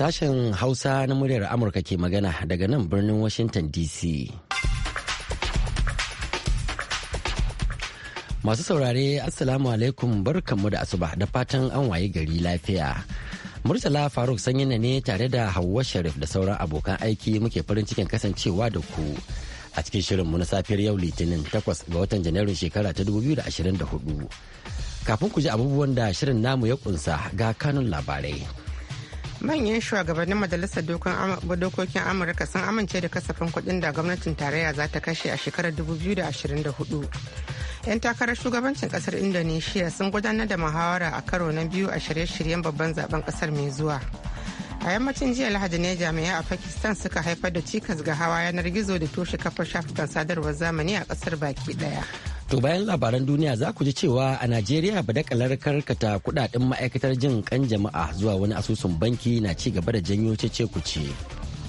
Sashen Hausa na muryar Amurka ke magana daga nan birnin Washington DC. Masu saurare Assalamu alaikum barkanmu da asuba da fatan an waye gari lafiya. Murtala Faruk sanyina ne tare da Hauwa Sharif da sauran abokan aiki muke farin cikin kasancewa da ku. a cikin shirin mu na safiyar yau litinin 8 ga watan janairun shekara ta 2024 kafin ku ji abubuwan da shirin namu ya kunsa ga kanun labarai manyan shugabannin majalisar dokokin amurka sun amince da kasafin kuɗin da gwamnatin tarayya za ta kashe a shekarar 2024 'yan takarar shugabancin kasar indonesia sun gudanar da muhawara a karo na biyu a shirye-shiryen babban zaben kasar mai zuwa a yammacin jiya lahadi ne jami'ai a pakistan suka haifar da cikas ga hawa yanar gizo da toshe kafar shafukan sadarwar zamani a kasar baki daya To bayan labaran duniya za ku ji cewa a Najeriya badakalar karkata kudaden ma'aikatar jin kan jama'a zuwa wani asusun banki na ci gaba da janyo ku kuce.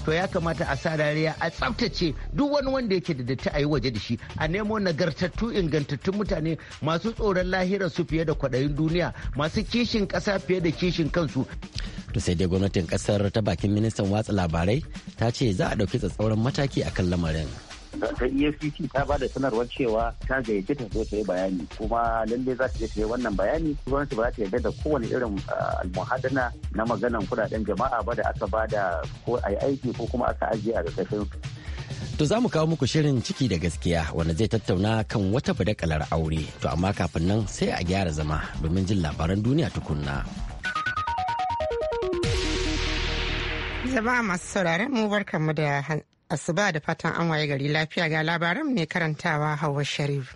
To ya kamata a sa dariya a tsaftace duk wani wanda yake da datti a yi waje da shi a nemo nagartattu ingantattun mutane masu tsoron lahira su fiye da kwaɗayin duniya masu kishin kasa fiye da kishin kansu. To sai dai gwamnatin kasar ta bakin ministan watsa labarai ta ce za a ɗauki tsatsauran mataki kan lamarin. ta efcc ta ba da sanarwar cewa ta gayyace ta zo ta yi bayani kuma lalle za ta je ta yi wannan bayani gwamnati ba za ta yarda da kowane irin ah, almuhadana na maganan kudaden jama'a ba da aka ba da ko a aiki ko kuma aka ajiye a ƙarƙashin To za mu kawo muku shirin ciki da gaskiya wanda zai tattauna kan wata fadakalar aure. To amma kafin nan sai a gyara zama domin jin labaran duniya tukunna. Zaba masu sauraron mu barkanmu da asuba da fatan an waye gari lafiya ga labaran mai karantawa Hauwa Sharif.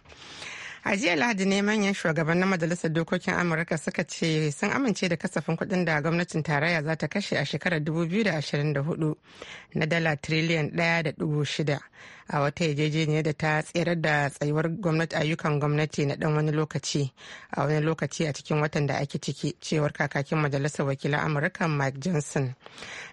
a jiya lahadi ne manyan shugabannin majalisar dokokin amurka suka ce sun amince da kasafin kudin da gwamnatin tarayya za ta kashe a shekarar 2024 na dala triliyan 1.6 a wata yarjejeniyar da ta tserar da tsayuwar gwamnati ayyukan gwamnati na dan wani lokaci a wani lokaci a cikin watan da ake ciki cewar kakakin majalisar wakilan amurka mike johnson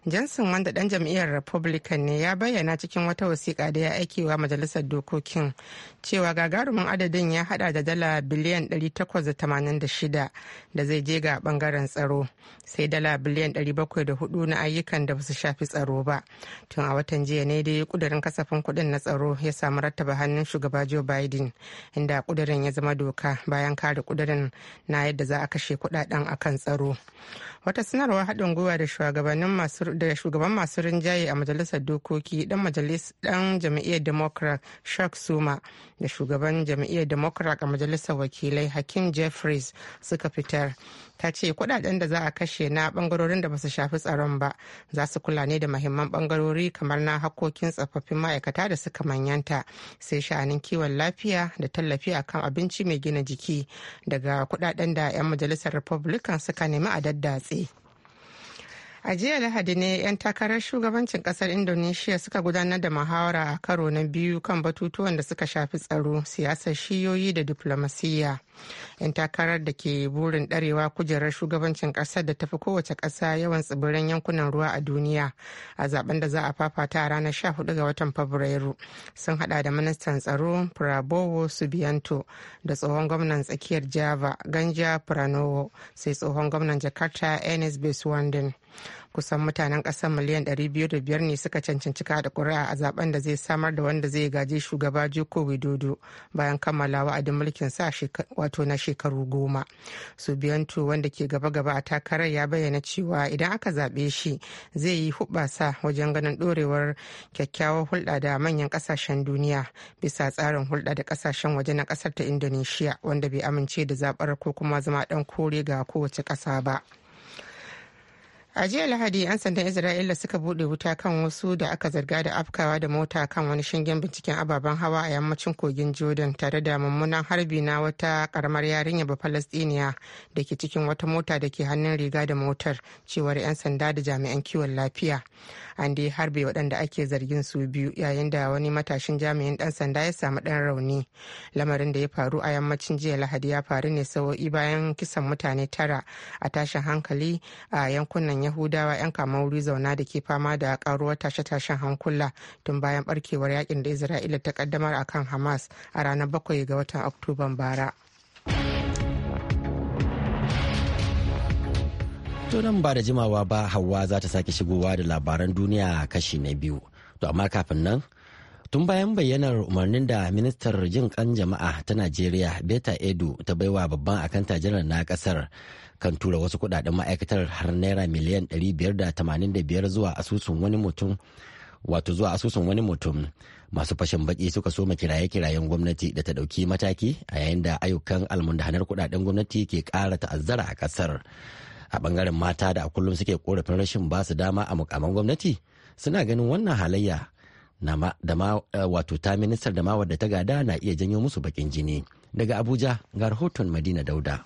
johnson wanda dan jam'iyyar republican ne ya bayyana cikin wata wasiƙa da ya aikewa majalisar dokokin cewa gagarumin adadin ya haɗa hada da dala biliyan 886 da zai je ga bangaren tsaro sai dala biliyan 704 na ayyukan da basu shafi tsaro ba tun a watan jiya ne dai kudirin kasafin kudin na tsaro ya samu rattaba hannun shugaba joe biden inda kudirin ya zama doka bayan kare kudirin na yadda za a kashe kudaden a kan tsaro wata sanarwar haɗin gwiwa da shugaban masu rinjaye a majalisar dokoki dan jam'iyyar democrat shark suma da shugaban jam'iyyar democrat ga majalisar wakilai hakim jeffries suka fitar ta ce kudaden da za a kashe na bangarorin da basu shafi tsaron ba za su kula ne da mahimman bangarori kamar na hakkokin tsofaffin ma'aikata da suka manyanta sai sha'anin kiwon lafiya da tallafi akan abinci mai gina jiki daga kudaden da 'yan majalisar republican suka nemi a daddatse. a jiya lahadi ne 'yan takarar shugabancin kasar indonesia suka gudanar da muhawara a karo na biyu kan batutuwan da suka shafi tsaro siyasar shiyoyi da diplomasiyya 'yan takarar da ke burin darewa kujerar shugabancin kasar da tafi kowace ƙasa yawan tsibirin yankunan ruwa a duniya a zaben da za a fafata a ranar 14 ga watan fabrairu sun hada da ministan tsaro prabowo subianto da tsohon gwamnan tsakiyar java ganja pranowo sai tsohon gwamnan jakarta ernest Beswandin. kusan mutanen kasar miliyan 205 ne suka cancanci kada kuri'a a zaben da zai samar da wanda zai gaji shugaba joko widodo bayan kammala wa'adin mulkin sa wato na shekaru goma subiyanto wanda ke gaba-gaba a takarar ya bayyana cewa idan aka zaɓe shi zai yi hubasa wajen ganin ɗorewar kyakkyawar hulɗa da manyan ƙasashen duniya bisa tsarin hulɗa da ƙasashen waje na ƙasar ta indonesia wanda bai amince da zaɓar ko kuma zama ɗan kore ga kowace ƙasa ba. a jiya lahadi 'yan sandan isra'ila suka bude wuta kan wasu da aka zarga da afkawa da mota kan wani shingen binciken ababen hawa a yammacin kogin jordan tare da mummunan harbi na wata karamar yarinya ba falastiniya da ke cikin wata mota da ke hannun riga da motar cewar 'yan sanda da jami'an kiwon lafiya an dai harbe waɗanda ake zargin su biyu yayin da wani matashin jami'in ɗan sanda ya samu ɗan rauni lamarin da ya faru a yammacin jiya lahadi ya faru ne sawo'i bayan kisan mutane tara a tashin hankali a yankunan yahudawa 'yan wuri zauna da ke fama da karuwar tashe-tashen hankula tun bayan barkewar yakin da isra'ila ta kaddamar akan hamas a ranar bakwai ga watan oktoban bara To nan ba da jimawa ba Hauwa za ta sake shigowa da labaran duniya kashi na biyu. To amma kafin nan tun bayan bayyanar umarnin da ministar jin kan jama'a ta najeriya beta edu ta baiwa babban akanta janar na kasar kan tura wasu kudaden ma'aikatar har naira miliyan 585 zuwa asusun wani mutum wato zuwa asusun wani mutum masu fashin baki suka soma kiraye-kirayen gwamnati da ta dauki mataki a yayin da ayyukan almundahanar kudaden gwamnati ke kara ta'azzara a kasar a bangaren mata da a kullum suke korafin rashin ba su dama a mukaman gwamnati suna ganin wannan halayya da ma eh, wato ta ministar da ma wadda ta gada na iya janyo musu bakin jini daga abuja ga rahoton madina dauda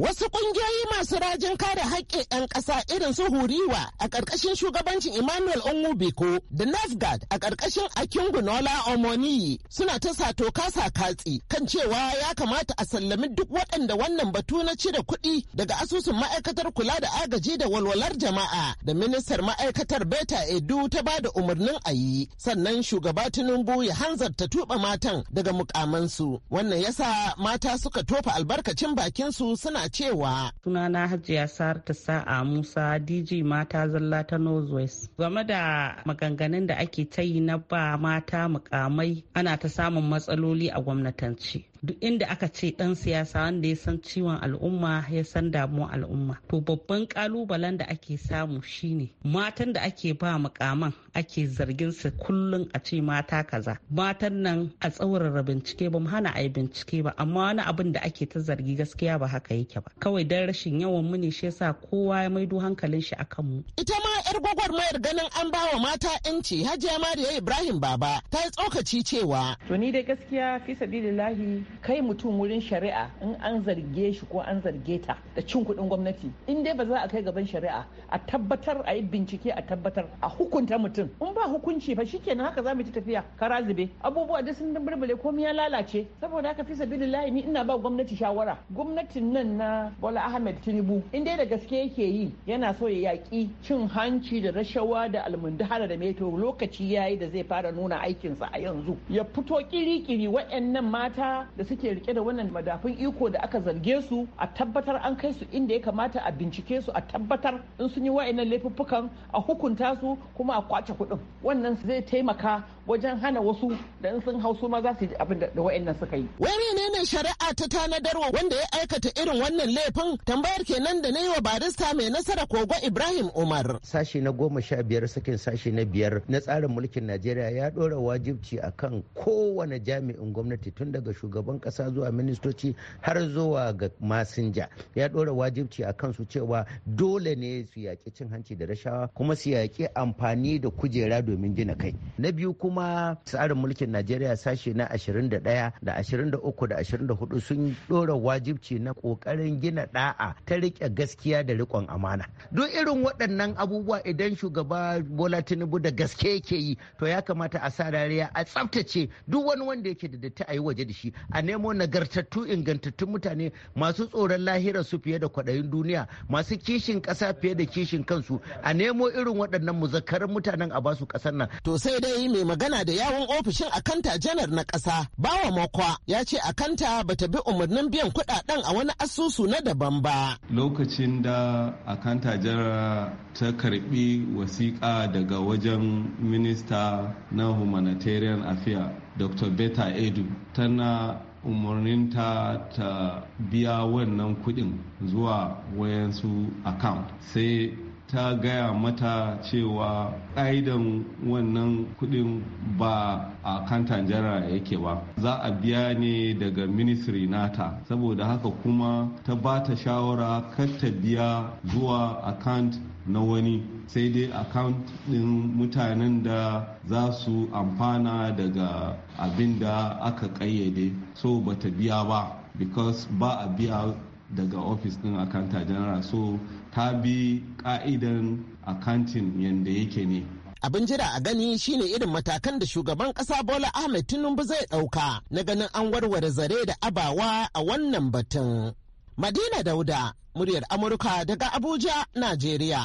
Wasu ƙungiyoyi masu rajin kare haƙƙin 'yan ƙasa irin su Huriwa a ƙarƙashin shugabancin Emmanuel Onwubiko da NAFGAD a ƙarƙashin Akingunola Omoniyi suna ta sato kasa katsi kan cewa ya kamata a sallami duk waɗanda wannan batu na cire kuɗi daga asusun ma'aikatar kula da agaji da walwalar jama'a da ministar ma'aikatar Beta Edu ta ba da umarnin a yi sannan shugaba Tinubu ya hanzarta tuɓa matan daga mukamansu. Wannan yasa mata suka tofa albarkacin bakinsu suna cewa sunana hajiya sarta sa'a musa DG, mata zalla ta northwest game da maganganun da ake ta yi na ba mata mukamai ana ta samun matsaloli a gwamnatance duk inda aka ce dan siyasa wanda ya san ciwon al'umma ya san damuwar al'umma to babban kalubalen da ake samu shine matan da ake ba mukaman ake zargin su kullum a ce mata kaza matan nan a tsaurara bincike ba mu hana a yi bincike ba amma wani abin da ake ta zargi gaskiya ba haka yake ba kawai dan rashin yawan mu ne shi yasa kowa ya maido hankalin shi akan mu ita ma yar gwagwarmayar ganin an ba wa mata yanci hajiya mariya ibrahim baba ta yi tsokaci cewa to ni da gaskiya fi sabilillahi kai mutum wurin shari'a in an zarge shi ko an zarge ta da cin kuɗin gwamnati in dai ba za a kai gaban shari'a a tabbatar a yi bincike a tabbatar a hukunta mutum in ba hukunci ba shikenan haka za mu ci tafiya ka razube. abubuwa duk sun ko komai ya lalace saboda haka fi sabilillahi ni ina ba gwamnati shawara gwamnatin nan na Bola Ahmed Tinubu in dai da gaske yake yi yana so ya yaƙi cin hanci da rashawa da almundahara da meto lokaci yayi da zai fara nuna aikinsa a yanzu ya fito kiri-kiri waɗannan mata da suke rike da wannan madafun iko da aka zarge su a tabbatar an kai su inda ya kamata a bincike su a tabbatar in sun yi wa'annan laifuffukan a hukunta su kuma a kwace kuɗin wannan zai taimaka wajen hana wasu da in sun hau su ma za su yi abin da wa'annan suka yi. Wai menene shari'a ta tanadarwa wanda ya aikata irin wannan laifin tambayar kenan da na yi wa barista mai nasara kogo Ibrahim Umar. sashi na goma sha biyar sakin sashi na biyar na tsarin mulkin Najeriya ya ɗora wajibci a kan kowane jami'in gwamnati tun daga shugaban ƙasa zuwa ministoci har zuwa ga masinja ya ɗora wajibci a kansu cewa dole ne su yaƙi cin hanci da rashawa kuma su yaƙi amfani da kujera domin gina kai. Na biyu kuma kuma tsarin mulkin najeriya sashe na 21 da 23 da 24 sun dora wajibci na kokarin gina da'a ta rike gaskiya da rikon amana duk irin waɗannan abubuwa idan shugaba bola tinubu da gaske yake yi to ya kamata a sa rariya a tsaftace duk wani wanda yake da datti a yi waje da shi a nemo nagartattu ingantattun mutane masu tsoron lahirarsu su fiye da kwaɗayin duniya masu kishin ƙasa fiye da kishin kansu a nemo irin waɗannan muzakkarin mutanen a basu ƙasar nan to sai dai mai magana da yawun ofishin akanta janar na ƙasa bawa makwa ya ce akanta bata bi umarnin biyan kuɗaɗen a wani asusu na daban ba lokacin da akanta janar ta karbi wasiƙa daga wajen minista na humanitarian affairs dr beta edu tana umarninta ta biya wannan kuɗin zuwa wayansu account sai ta gaya mata cewa ƙa'idan wannan kuɗin ba a kan tanjara yake ba za a biya ne daga ministry nata saboda haka kuma ta ba ta shawara kar ta biya zuwa account na wani sai dai account ɗin mutanen da za su amfana daga abin da aka ƙayyade so ba ta biya ba because ba a biya daga ofis din akanta general so ta bi ka'idan accounting yadda yake ne abin jira a gani shine irin matakan da shugaban kasa bola ahmed tinubu zai dauka na ganin an warware zare da abawa a wannan batun madina dauda muryar amurka daga abuja najeriya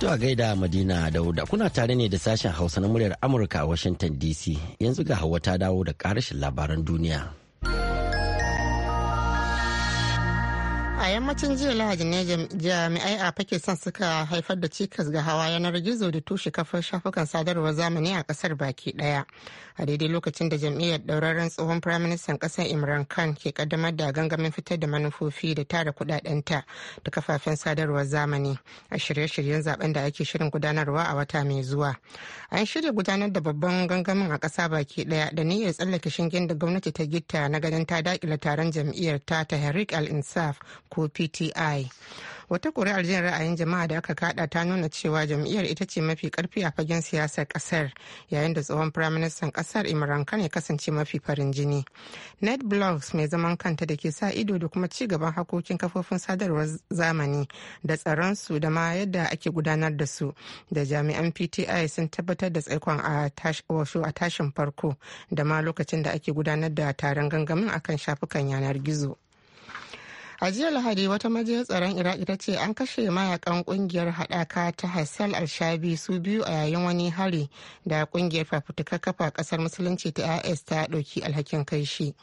To a gaida Madina Dauda kuna tare ne da sashen Hausa na muryar Amurka a Washington DC yanzu ga hawa ta dawo da karashin labaran duniya. yammacin jiya lahadi ne jami'ai a pakistan suka haifar da cikas ga hawa yanar gizo da tushe kafar shafukan sadarwar zamani a kasar baki daya a daidai lokacin da jam'iyyar ɗauraren tsohon firaministan ƙasar imran khan ke kaddamar da gangamin fitar da manufofi da tara kudadenta da kafafen sadarwar zamani a shirye-shiryen zaben da ake shirin gudanarwa a wata mai zuwa an shirya gudanar da babban gangamin a ƙasa baki ɗaya da niyyar tsallake shingen da gwamnati ta gitta na ganin ta dakile taron jam'iyyar ta tahrik al-insaf ko pti wata kuri'ar jin ra'ayin jama'a da aka kada ta nuna cewa jam'iyyar ita ce mafi karfi a fagen siyasar kasar yayin da tsohon firaministan kasar imran khan ya kasance mafi farin jini net blogs mai zaman kanta da ke sa ido da kuma ci gaban hakokin kafofin sadarwar zamani da tsaron su da ma yadda ake gudanar da su da jami'an pti sun tabbatar da tsaikon a tashin farko da ma lokacin da ake gudanar da taron gangamin akan shafukan yanar gizo. a jiya lahadi wata majiyar tsaron iraki ta ce an kashe mayakan kungiyar haɗaka ta hassal alshabi su biyu a yayin wani hari da kungiyar fafutuka kafa kasar musulunci ta is ta ɗauki alhakin kai shi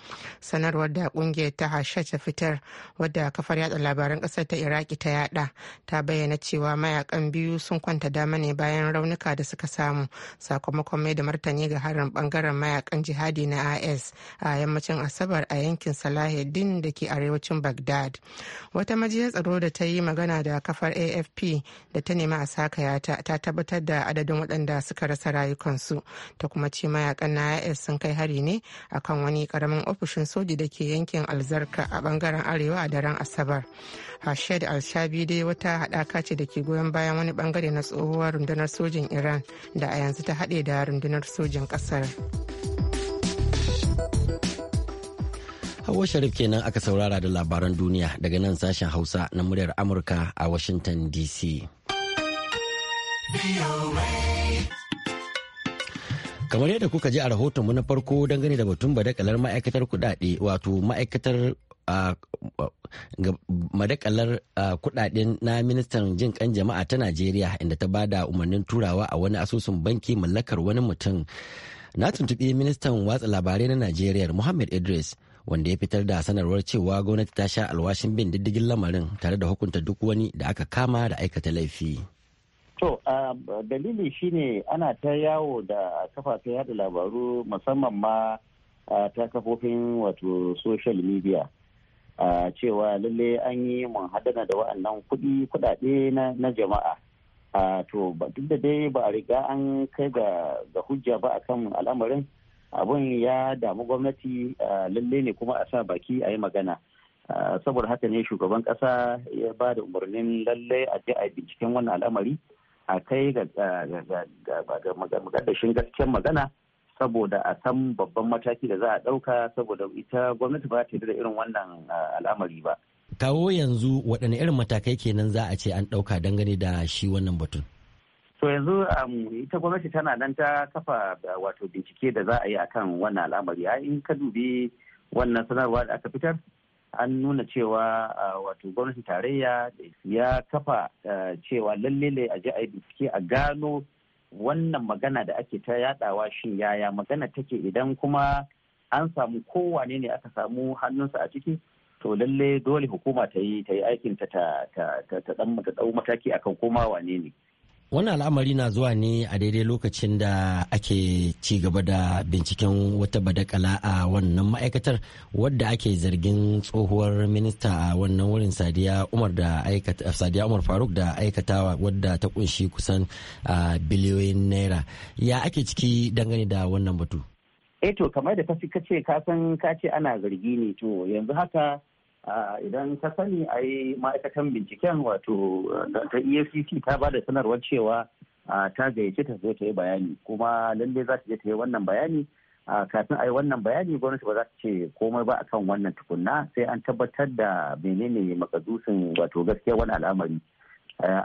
sanarwar da kungiyar ta hasha ta fitar wadda kafar yatsa labaran ƙasar ta iraki ta yada ta bayyana cewa mayakan biyu sun kwanta dama ne bayan raunuka da suka samu sakamakon mai da martani ga harin bangaren mayakan jihadi na is a yammacin asabar a yankin salahuddin da ke arewacin bagdad chad wata majiyar tsaro da ta yi magana da kafar afp da ta nemi a ya ta tabbatar da adadin waɗanda suka rasa rayukansu ta kuma ce mayakan na is sun kai hari ne akan wani karamin ofishin soji da ke yankin alzarka a bangaren arewa a daren asabar hashed alshabi dai wata haɗaka ce da ke goyon bayan wani bangare na tsohuwar rundunar sojin iran da a yanzu ta haɗe da rundunar sojin ƙasar. Hawa Sharif kenan aka saurara da labaran duniya daga nan sashen Hausa na muryar Amurka a Washington DC. kamar yadda kuka ji a rahotonmu na farko dangane da batun badakalar ma'aikatar kudade wato ma'aikatar madakalar kudaden na ministan jin kan jama'a ta najeriya inda ta bada umarnin turawa a wani asusun banki mallakar wani mutum na tuntuɓi ministan watsa labarai na najeriya muhammad idris wanda ya fitar da sanarwar cewa gwamnati ta sha alwashin bin diddigin lamarin tare da hukunta duk wani da aka kama da aikata laifi. To, dalili shine ana ta yawo da kafafen yada labaru musamman ma ta kafofin wato social media cewa lalle an yi mun hadana da wa'annan kuɗi kuɗaɗe na jama'a. To, duk da dai ba a riga an kai ga hujja ba akan al'amarin. abun ya damu gwamnati lalle ne kuma a sa baki a yi magana saboda haka ne shugaban kasa ya ba da umarnin lalle a je a binciken wannan al'amari a kai ga magadashin gasken magana saboda a san babban mataki da za a ɗauka saboda ita gwamnati ba ta da irin wannan al'amari ba kawo yanzu waɗanne irin matakai kenan za a ce an ɗauka dangane da shi wannan batun to yanzu um, ita gwamnati tana nan ta kafa uh, wato bincike da za a yi akan wannan al'amari in ka dubi wannan sanarwa da aka fitar an nuna cewa uh, wato gwamnatin tarayya ya kafa uh, cewa lalle ne a je a yi bincike a gano wannan magana da ake ta yadawa shin yaya magana take idan kuma an samu kowane ne aka samu hannunsa a ciki to lalle dole hukuma ta yi ta aikin ta ta ta ta mataki akan koma wane ne wannan al'amari na zuwa ne a daidai lokacin da ake ci gaba da binciken wata badakala a wannan ma'aikatar wadda ake zargin tsohuwar minista a wannan wurin sadiya umar faruk da aikatawa wadda ta kunshi kusan biliyoyin naira ya ake ciki dangane da wannan batu eh to kamar da kace ka san ka ce ana zargi ne to yanzu haka idan ka sani a yi ma'aikatan binciken wato ta efcc ta ba da sanarwar cewa ta gayyace ta zo ta yi bayani kuma lalle za ta je ta yi wannan bayani kafin a yi wannan bayani gwamnati ba za ta ce komai ba akan wannan tukunna sai an tabbatar da menene makadusin wato gaskiya wani al'amari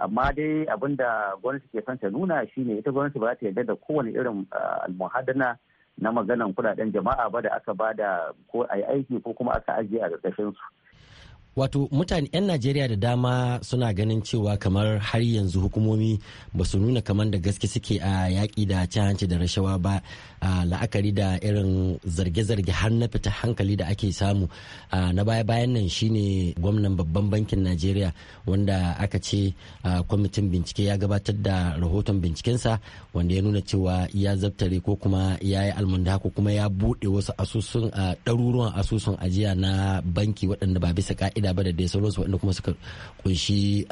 amma dai abinda gwamnati ke son ta nuna shine ita gwamnati ba za ta yarda da kowane irin almuhadana na maganan kudaden jama'a ba da aka ba da ko a yi aiki ko kuma aka ajiye a ƙarƙashin su wato mutane 'yan najeriya da dama suna ganin cewa kamar har yanzu hukumomi ba su nuna kamar da gaske suke a yaƙi da cin hanci da rashawa ba a la'akari da irin zarge-zarge har na fita hankali da ake samu na baya-bayan nan shine gwamnan babban bankin najeriya wanda aka ce kwamitin bincike ya gabatar da rahoton bincikensa wanda ya nuna cewa ya zabtare ko kuma ya yi almanda ko kuma ya buɗe wasu asusun ɗaruruwan asusun ajiya na banki waɗanda ba bisa ka'ida aƙida ba da dai sauransu waɗanda kuma suka kunshi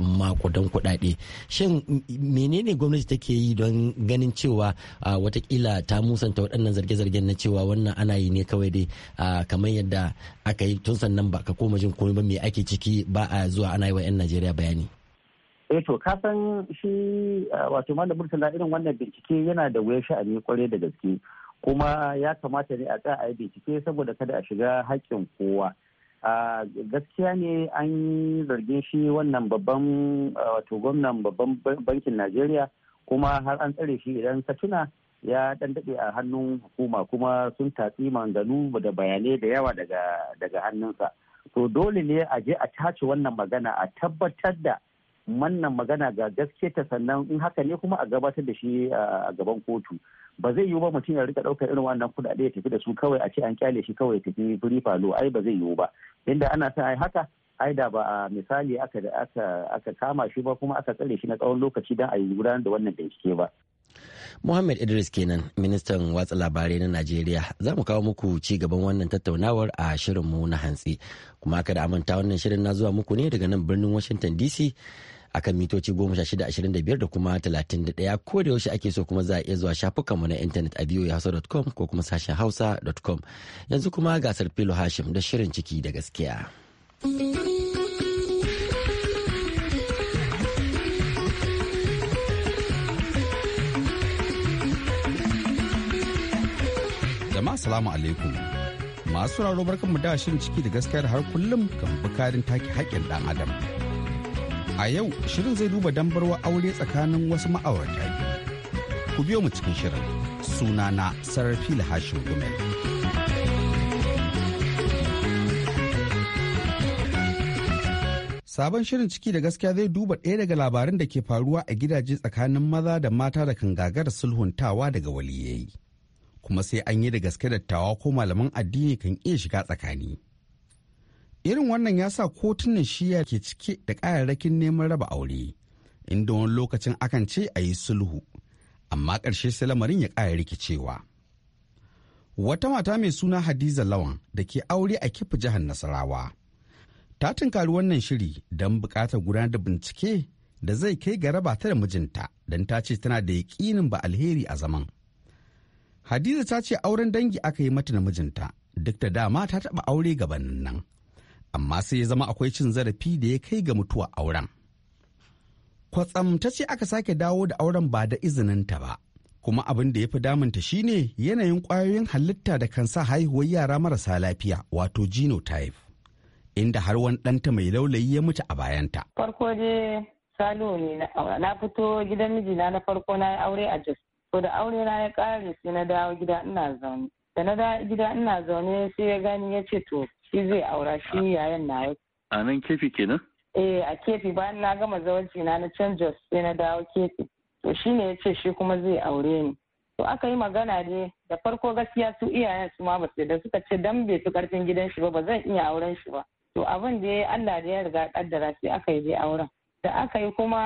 makudan kuɗaɗe shin menene gwamnati take yi don ganin cewa watakila ta musanta waɗannan zarge-zargen na cewa wannan ana yi ne kawai dai kamar yadda aka yi tun sannan ba ka koma jin komai ba me ake ciki ba a zuwa ana yi wa 'yan najeriya bayani eh to ka san shi wato malam murtala irin wannan bincike yana da wuyar sha'ani kwarai da gaske kuma ya kamata ne a tsaya a yi bincike saboda kada a shiga haƙƙin kowa gaskiya ne an zargin shi wannan babban eh, wato gwamnan babban bankin najeriya kuma har an tsare shi idan ka ya dan a hannun hukuma kuma sun tatsi manganu da bayanai da yawa daga hannunsa to dole ne a je a tace wannan magana a tabbatar da wannan magana ga gaske ta sannan in haka ne kuma a gabatar da shi eh, a gaban kotu ba zai yiwu ba mutum ya rika ɗaukar irin wannan kuɗaɗe ya tafi da su kawai a ce an kyale shi kawai tafi free falo ai ba zai yiwu ba inda ana sa ai haka ai da ba a misali aka aka kama shi ba kuma aka tsare shi na tsawon lokaci dan a yi gudanar da wannan bincike ba Muhammad Idris kenan ministan watsa labarai na Najeriya za mu kawo muku ci gaban wannan tattaunawar a shirin mu na hantsi kuma kada amanta wannan shirin na zuwa muku ne daga nan birnin Washington DC akan mitoci goma 1625 da kuma 31 ko da yaushe ake so kuma za a iya zuwa shafukanmu na intanet a voahausa.com ko kuma sashen hausa.com yanzu kuma gasar filo hashim da shirin ciki da gaskiya. jama'a salamu alaikum masu raro barkan mu da shirin ciki da gaskiyar har kullum kan bukarin take haƙƙin dan adam A yau shirin zai duba dambarwa aure tsakanin wasu ma'aurata Ku biyo mu cikin shirin sunana Sarfil Lahashin Gumel. Sabon shirin ciki da gaskiya zai duba ɗaya daga labarin da ke faruwa a gidaje tsakanin maza da mata da kan gagara sulhuntawa daga waliyayi. Kuma sai an yi da gaske dattawa ko malaman addini kan iya shiga tsakani. irin wannan ya sa kotunan shiya ke cike da ƙararrakin neman raba aure inda wani lokacin akan ce a yi sulhu amma ƙarshe sai lamarin ya ƙara rikicewa wata mata mai suna hadiza lawan da ke aure a kifi jihar nasarawa ta tunkari wannan shiri don buƙatar gudanar da bincike da zai kai ga raba ta da mijinta don ta ce tana da yaƙinin ba alheri a zaman hadiza ta ce auren dangi aka yi mata na mijinta duk da dama ta taɓa aure gabanin nan amma sai ya zama akwai cin zarafi da ya kai ga mutuwa auren. Kwatsam ta ce aka sake dawo da auren ba da izininta ba, kuma abin da ya fi damunta shine yanayin ƙwayoyin halitta da kan sa haihuwar yara marasa lafiya wato genotype, inda har wani ɗanta mai laulayi ya mutu a bayanta. Farko dai salo ne na fito gidan mijina na farko na yi aure a Jos. To da aure na ya ƙare sai na dawo gida ina zaune. Da na dawo gida ina zaune sai ya gani ya ce to shi zai aura shi yayan na a nan kefi kenan eh a kefi bayan na gama zawarci na na canja sai na dawo kefi to shi ne ya ce shi kuma zai aure ni to aka yi magana ne da farko gaskiya su iyayen su ma basu da suka ce dan bai fi karfin gidan shi ba ba zan iya auren shi ba to abin da ya yi Allah da ya riga kaddara sai aka yi dai auren da aka yi kuma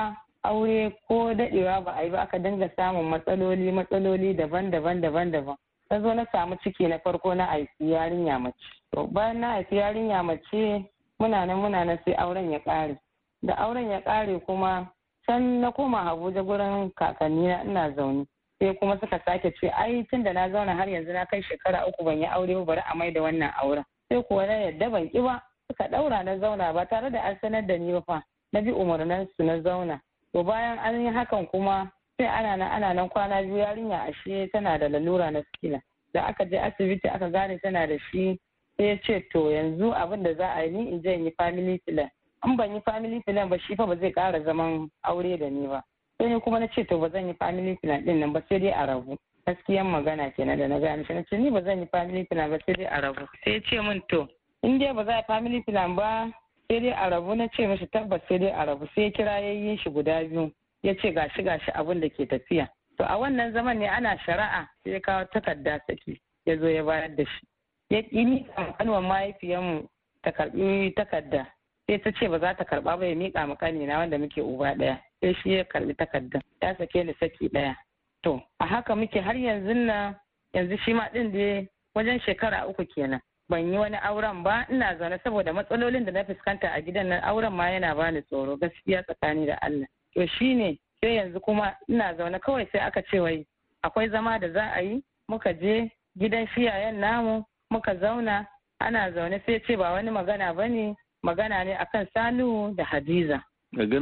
aure ko daɗewa ba a yi ba aka dinga samun matsaloli matsaloli daban-daban daban-daban na zo na samu ciki na farko na haifi yarinya mace to bayan na haifi yarinya mace muna nan muna nan sai auren ya ƙare da auren ya ƙare kuma can na koma abuja gurin kakanni na ina zaune sai kuma suka sake ce ai tun da na zauna har yanzu na kai shekara uku ban yi aure ba bari a mai da wannan auren sai kuwa na yadda ban ki ba suka ɗaura na zauna ba tare da an sanar da ni ba fa na bi umarnin na zauna to bayan an yi hakan kuma sai ana nan ana nan kwana biyu yarinya ashe tana da lalura na sikila da aka je asibiti aka gane tana da shi sai ya ce to yanzu abin da za a yi ni in je in yi family plan in ban yi family plan ba shi fa ba zai kara zaman aure da ni ba sai ni kuma na ce to ba zan yi family plan din nan ba sai dai a rabu gaskiyan magana kenan da na gane shi na ce ni ba zan yi family plan ba sai dai a rabu sai ya ce min to in dai ba za a family plan ba sai dai a rabu na ce mishi tabbas sai dai a rabu sai kira yayin shi guda biyu ya ce gashi gashi abin da ke tafiya to a wannan zaman ne ana shari'a sai ya kawo takarda saki ya zo ya bayar da shi ya ƙi kanuwan mahaifiyarmu ta karɓi takarda sai ta ce ba za ta karɓa ba ya miƙa ma ƙanina wanda muke uba ɗaya sai shi ya karɓi takarda ya sake ni saki ɗaya to a haka muke har yanzu na yanzu shi ma ɗin da wajen shekara uku kenan ban yi wani auren ba ina zaune saboda matsalolin da na fuskanta a gidan nan auren ma yana bani tsoro gaskiya tsakani da Allah to shi ne sai yanzu kuma ina zaune kawai sai aka ce wai akwai zama da za a yi muka je gidan shiyayen namu muka zauna ana zaune sai ce ba wani magana ba ne magana ne akan Sanu da hadiza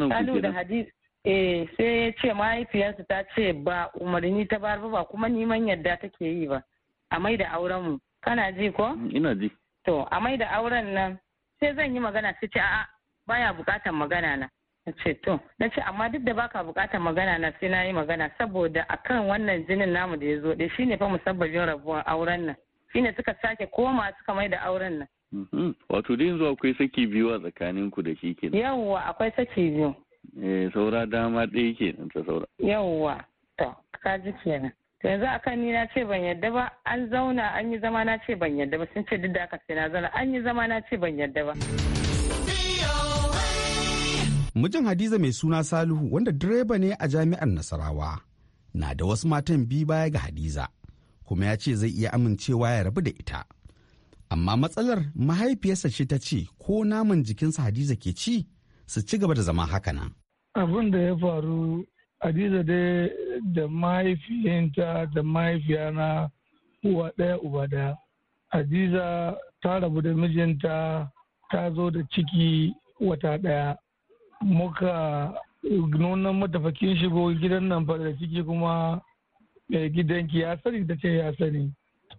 Sanu da hadiza eh sai ya ce mahaifiyarsa ta ce ba umarni ta bar ba kuma neman yadda take yi ba a mai da auren mu kana ji ko ina ji to a mai da auren nan sai zan yi magana sai ce a'a baya bukatan magana na na ce to na ce amma duk da baka bukatar magana na sai na yi magana saboda akan wannan jinin namu da ya zo shi shine fa musabbabin rabuwar auren nan shine suka sake koma suka mai da auren nan mhm. Wato da yanzu akwai saki biyu a tsakanin ku da shi ke Yawwa akwai saki biyu. Eh saura dama ɗaya nan ta saura. Yawwa to ka ji kenan. To yanzu akan ni na ce ban yadda ba an zauna an yi zama na ce ban yadda ba sun ce duk da aka sai na zauna an yi zama na ce ban yadda ba. Mijin Hadiza mai suna Salihu wanda direba ne a jami'ar Nasarawa na da wasu matan biyu baya ga Hadiza kuma ya ce zai iya amincewa ya rabu da ita. Amma matsalar mahaifiyarsa ce ta ce ko naman jikinsa Hadiza ke ci su ci gaba da zama haka nan. Abin da ya faru Hadiza dai da mahaifiyanta da mahaifiyana uwa ɗaya uba ɗaya. Hadiza ta rabu da mijinta ta zo da ciki wata ɗaya muka nuna matafakin shigo gidan nan da ciki kuma mai gidanki ya sani ta ce ya sani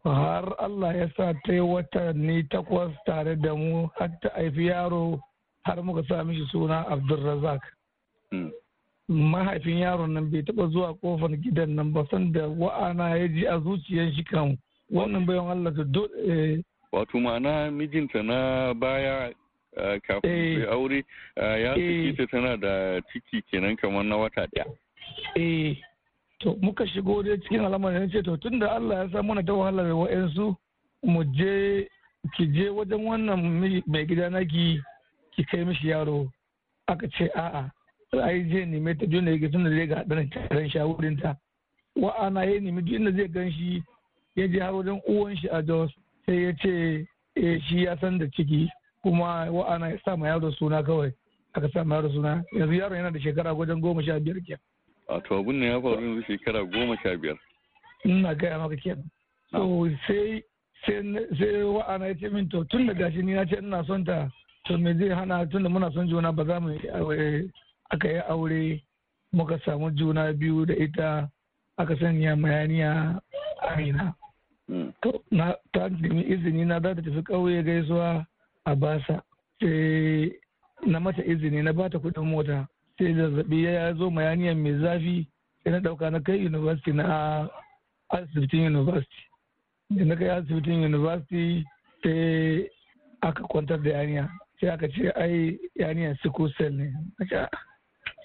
har Allah ya sa ta yi watanni takwas tare da mu har ta haifi yaro har muka sa mishi suna Abdulrazak. Hmm. mahaifin yaron nan bai taba zuwa kofar gidan nan ba sanda wa'ana ya ji a zuciyar shi kan wannan bayan Allah ta dole eh, wato ma'ana mijinta na baya Uh, kafin su eh. aure uh, ya su eh. ta tana da ciki kenan kamar na wata daya. Eh, to muka shigo dai cikin ne ce to tunda Allah ya sa mana ta wahala da wa'ansu mu je ki je wajen wannan mai gida naki ki kai mishi yaro aka ce a'a ai je mai ta juna yake tunda zai ga dan taron shawurin ta wa'ana ya nemi mai inda zai gan shi ya je har wajen uwan shi a Jos sai ya ce eh, shi ya san da ciki kuma wa'ana ya sa ma yaro suna kawai aka sa ma yaro suna yanzu yaro yana da shekara wajen goma sha biyar ke. a to abun ne ya faru yanzu shekara goma sha biyar. ina gaya maka ke to sai sai wa'ana ya ce min to tun da gashi ni na ce ina son ta to me zai hana tun da muna son juna ba za mu aka yi aure muka samu juna biyu da ita aka sanya mayaniya amina. Hmm. To, na ta nemi izini na za ta tafi ƙauye gaisuwa a basa sai na mata izini na bata kuɗin mota sai zazzabi ya zo mayaniyar mai zafi sai na ɗauka na kai university na asibitin university da na kai asibitin university sai aka kwantar da yaniya sai aka ce ai yaniya sikusel ne ah, ne ce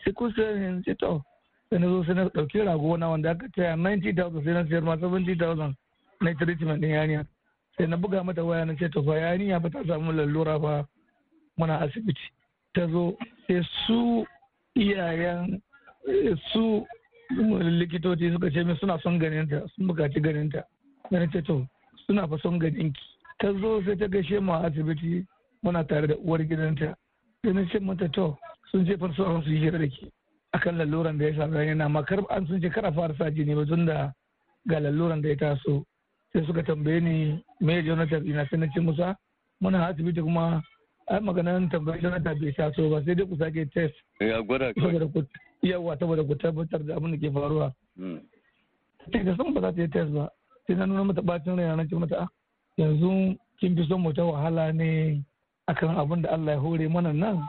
sikusel ne ce to sai na zo sai na dauki rago na wanda aka taya 90,000 sai na sayar ma 70,000 na treatment ɗin yaniya sai na buga mata waya na ce ta fa yarinya ba ta samu lalura ba muna asibiti ta zo sai su iyayen su likitoci suka ce min suna son ganinta sun bukaci ganinta na ce to suna fa son ganinki ta zo sai ta gashe mu a asibiti muna tare da uwar gidanta sai na ce mata to sun ce farso an su yi da ke akan laluran da ya sami yana makar an sun ce kar a fara sa jini ba da ga laluran da ya taso sai suka tambaye ni me jonathan ina sai na ce musa muna asibiti kuma ai maganan tambayi jonathan bai so ba sai dai ku sake test ya eh, gwada yawa saboda ku tabbatar da abin da ke faruwa sai hmm. da san ba za ta yi test ba sai na nuna mata bacin rai na ce mata ah, yanzu kin fi son mu ta wahala ne akan abin da Allah ya hore mana nan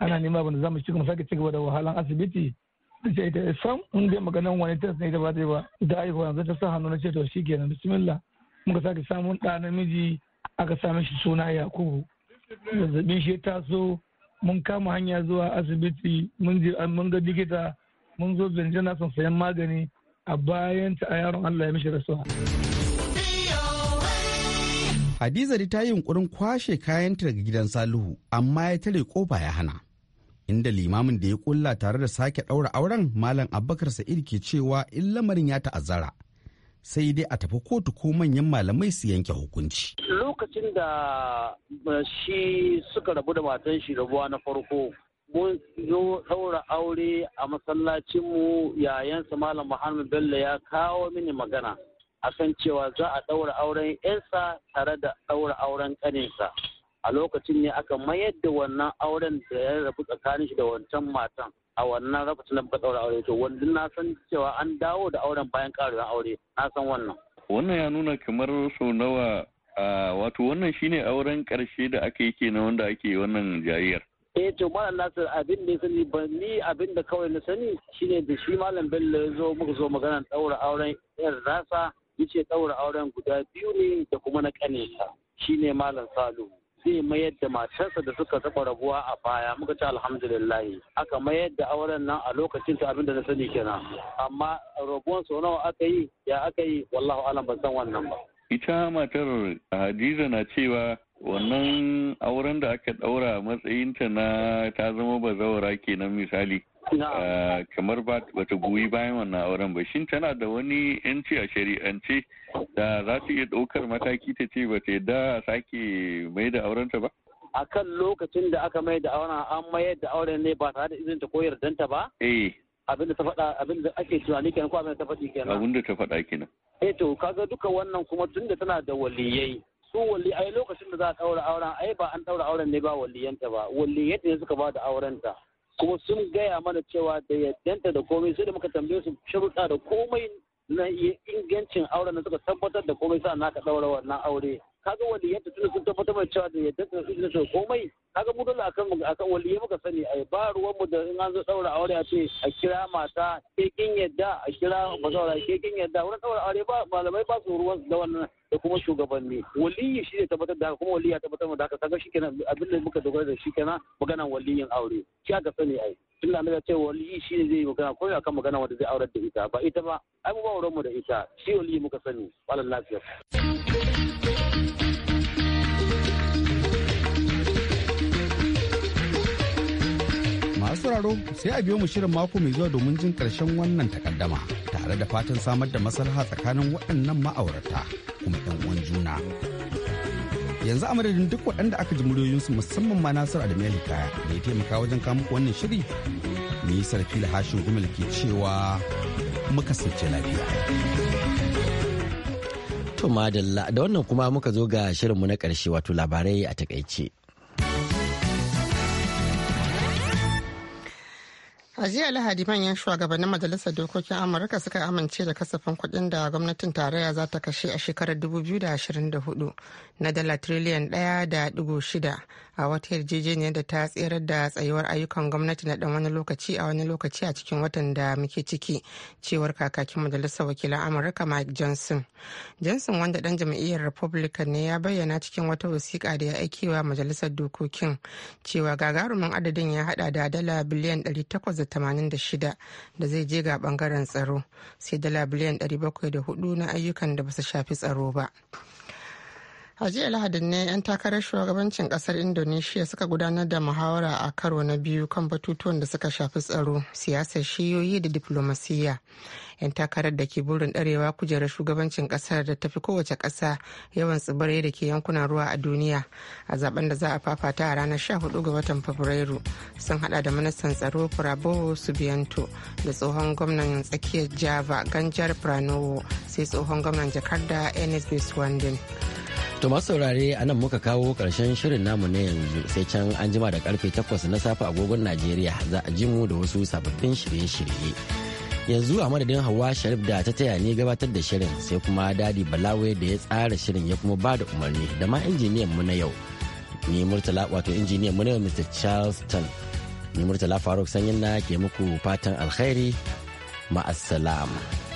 ana nema abin da za mu sake ci gaba da wahalan asibiti sai ta sam in maganan wani tas ne da ba zai ba da aihuwa yanzu ta sa hannu na ce to shi kenan bismillah muka sake samun ɗa namiji aka same shi suna yakubu zazzabin shi taso mun kama hanya zuwa asibiti mun je mun ga likita mun zo benjana son sayan magani a bayan ta a yaron Allah ya mishi rasuwa. Hadiza ta yi yunkurin kwashe kayanta daga gidan Salihu amma ya tare kofa ya hana. inda limamin da ya kulla tare da sake ɗaura auren malam abubakar sa'id ke cewa in lamarin ya ta'azzara sai dai a tafi kotu ko manyan malamai su yanke hukunci. Lokacin da shi suka rabu da matan shi rabuwa na farko mun zo ɗaura aure a masallacinmu yayansa malam Muhammad Bello ya kawo mini magana akan cewa za a ɗaura auren 'yansa tare da ɗaura auren ƙaninsa. a lokacin ne aka mayar da wannan auren da ya rabu tsakanin shi da wancan matan a wannan lokacin na muka aure to wanda na san cewa an dawo da auren bayan ƙarin aure na san wannan wannan ya nuna kamar sau nawa wato wannan shine auren ƙarshe da aka yi kenan wanda ake wannan jariyar eh to malam nasir abin da sani ba ni abin da kawai na sani shine da shi malam bello ya zo muka zo magana daura auren yar rasa yace daura auren guda biyu ne da kuma na kanesa shine malam salu zai mayar da matarsa da suka taba rabuwa a baya muka ce alhamdulillah aka mayar da auren nan a lokacin ta abinda na sani kenan amma rabuwan sau nawa aka yi ya aka yi wallahu alam ban san wannan ba ita matar hadiza na cewa wannan auren da aka daura matsayinta na ta zama bazawara kenan misali Eh, kamar ba ta goyi bayan wannan auren ba shin tana da wani yanci a shari'ance da za ta iya ɗaukar mataki ta ce ba ta yadda a sake mai da aurenta ba a kan lokacin da aka mai da auren an mayar da auren ne ba tare da izinta ko yardanta ba eh abinda ta faɗa abinda ake tunani kenan ko abinda ta faɗi kenan abinda ta faɗa kenan eh to kaga duka wannan kuma tunda tana da waliyai su wali ai lokacin da za a ɗaura auren ai ba an ɗaura auren ne ba waliyanta ba waliyanta ne suka ba da aurenta kuma sun gaya mana cewa da yaddanta da komai sai da muka tambaye su sharuɗa da komai na ingancin auren da suka tabbatar da komai sa naka daura wannan aure kaga waliyan da suna sun tabbatar da cewa da yadda sun tunda sun komai kaga mu dole akan akan waliyan muka sani ai ba ruwan mu da in an zo daura aure a ce a kira mata ke kin yadda a kira mazaura ke kin yadda wurin daura aure ba malamai ba su ruwan da wannan da kuma shugabanni waliyi shi ne tabbatar da haka kuma waliyi ya tabbatar da haka kaga kenan abin da muka dogara da shi kenan maganan waliyin aure shi aka sani ai tun da annabi ce waliyi shi ne zai yi magana ko akan magana wanda zai aurar da ita ba ita ba ai mu ba mu da ita shi waliyi muka sani wallahi lafiya Masu raro sai a biyo mu shirin mako mai zuwa domin jin karshen wannan takaddama tare da fatan samar da maslaha tsakanin waɗannan ma'aurata kuma ɗan uwan juna. Yanzu a madadin duk waɗanda aka ji muryoyinsu musamman ma Nasiru Adamu Hikaya da ya taimaka wajen kamu wannan shiri. Ni da Hashin Gumal ke cewa muka sace lafiya. To madalla da wannan kuma muka zo ga shirinmu na ƙarshe wato labarai a takaice. a jiya lahadi manyan shugabannin majalisar dokokin amurka suka amince da kasafin kuɗin da gwamnatin tarayya za ta kashe a shekarar 2024 na dala triliyan 1.6 a wata yarjejeniyar da ta tserar da tsayuwar ayyukan gwamnati na dan wani lokaci a wani lokaci a cikin watan da muke ciki cewar kakakin majalisar wakilan amurka mike johnson johnson wanda dan jam'iyyar republican ne ya bayyana cikin wata wasiƙa da ya aikewa majalisar dokokin cewa gagarumin adadin ya haɗa da dala biliyan 800 1986 da zai je ga bangaren tsaro sai dala biliyan 704 na ayyukan da ba su shafi tsaro ba. a jiya lahadin ne 'yan takarar shugabancin kasar indonesia suka gudanar da muhawara a karo na biyu kan batutuwan da suka shafi tsaro siyasar shiyoyi da diflomasiyya 'yan takarar da ke burin ɗarewa kujerar shugabancin ƙasar da tafi kowace ƙasa yawan tsibirai da ke yankunan ruwa a duniya a zaben da za a fafata a ranar 14 ga watan fabrairu sun hada da ministan tsaro prabowo subianto da tsohon gwamnan tsakiyar java ganjar pranowo sai tsohon gwamnan jakarta ernest biswandin To masu saurare a nan muka kawo ƙarshen shirin namu na yanzu sai can an jima da karfe 8 na safe agogon Najeriya za a ji mu da wasu sababbin shirye-shirye. yanzu a madadin hawa sharif da ta taya ne gabatar da shirin sai kuma dadi balawe da ya tsara shirin ya kuma ba da umarni da ma injiniyan mu na yau ni murtala wato injiniyan mu na yau mr charleston ni murtala faruk sanyin na ke muku fatan alkhairi ma'assalam.